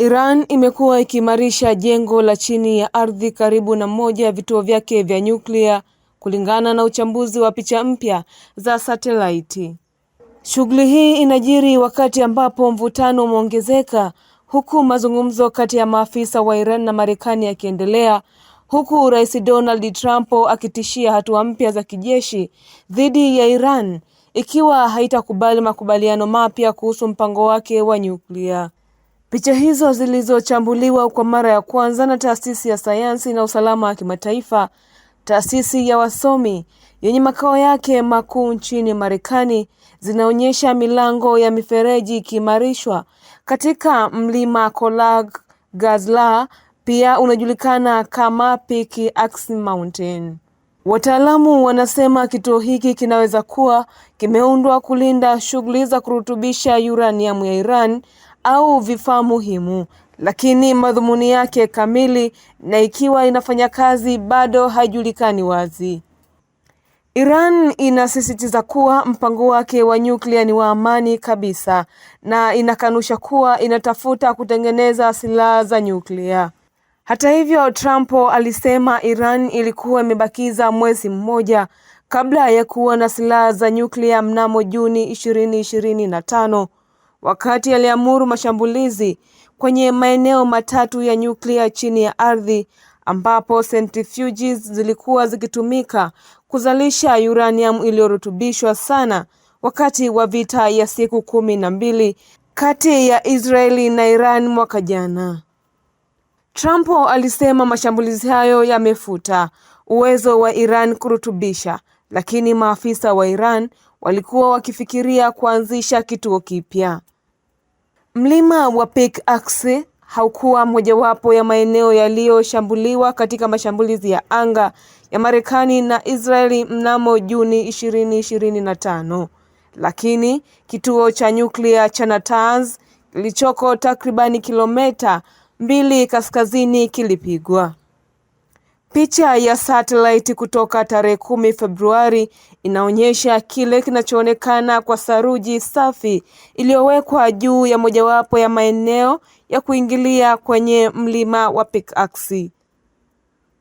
Iran imekuwa ikiimarisha jengo la chini ya ardhi karibu na moja ya vituo vyake vya nyuklia kulingana na uchambuzi wa picha mpya za satelaiti. Shughuli hii inajiri wakati ambapo mvutano umeongezeka huku mazungumzo kati ya maafisa wa Iran na Marekani yakiendelea huku Rais Donald Trump akitishia hatua mpya za kijeshi dhidi ya Iran ikiwa haitakubali makubaliano mapya kuhusu mpango wake wa nyuklia. Picha hizo zilizochambuliwa kwa mara ya kwanza na taasisi ya sayansi na usalama wa kimataifa, taasisi ya wasomi yenye makao yake makuu nchini Marekani, zinaonyesha milango ya mifereji ikiimarishwa katika mlima Kolag Gazla, pia unajulikana kama Peak Axe Mountain. Wataalamu wanasema kituo hiki kinaweza kuwa kimeundwa kulinda shughuli za kurutubisha uranium ya Iran au vifaa muhimu, lakini madhumuni yake kamili na ikiwa inafanya kazi bado haijulikani wazi. Iran inasisitiza kuwa mpango wake wa nyuklia ni wa amani kabisa na inakanusha kuwa inatafuta kutengeneza silaha za nyuklia. Hata hivyo, Trump alisema Iran ilikuwa imebakiza mwezi mmoja kabla ya kuwa na silaha za nyuklia mnamo Juni ishirini ishirini na tano wakati aliamuru mashambulizi kwenye maeneo matatu ya nyuklia chini ya ardhi ambapo centrifuges zilikuwa zikitumika kuzalisha uranium iliyorutubishwa sana wakati wa vita ya siku kumi na mbili kati ya Israeli na Iran mwaka jana. Trump alisema mashambulizi hayo yamefuta uwezo wa Iran kurutubisha, lakini maafisa wa Iran walikuwa wakifikiria kuanzisha kituo kipya. Mlima wa Peak Axe haukuwa mojawapo ya maeneo yaliyoshambuliwa katika mashambulizi ya anga ya Marekani na Israeli mnamo Juni ishirini ishirini na tano, lakini kituo cha nyuklia cha Natanz kilichoko takribani kilometa mbili kaskazini kilipigwa. Picha ya satellite kutoka tarehe kumi Februari inaonyesha kile kinachoonekana kwa saruji safi iliyowekwa juu ya mojawapo ya maeneo ya kuingilia kwenye mlima wa Pikaksi.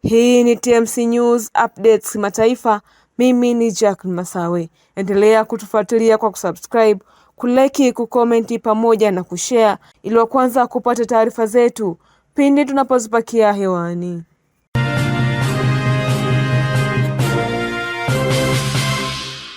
Hii ni TMC News Updates Kimataifa. Mimi ni Jack Masawe. Endelea kutufuatilia kwa kusubscribe, kuleki, kukomenti pamoja na kushare ili wa kwanza kupata taarifa zetu pindi tunapozipakia hewani.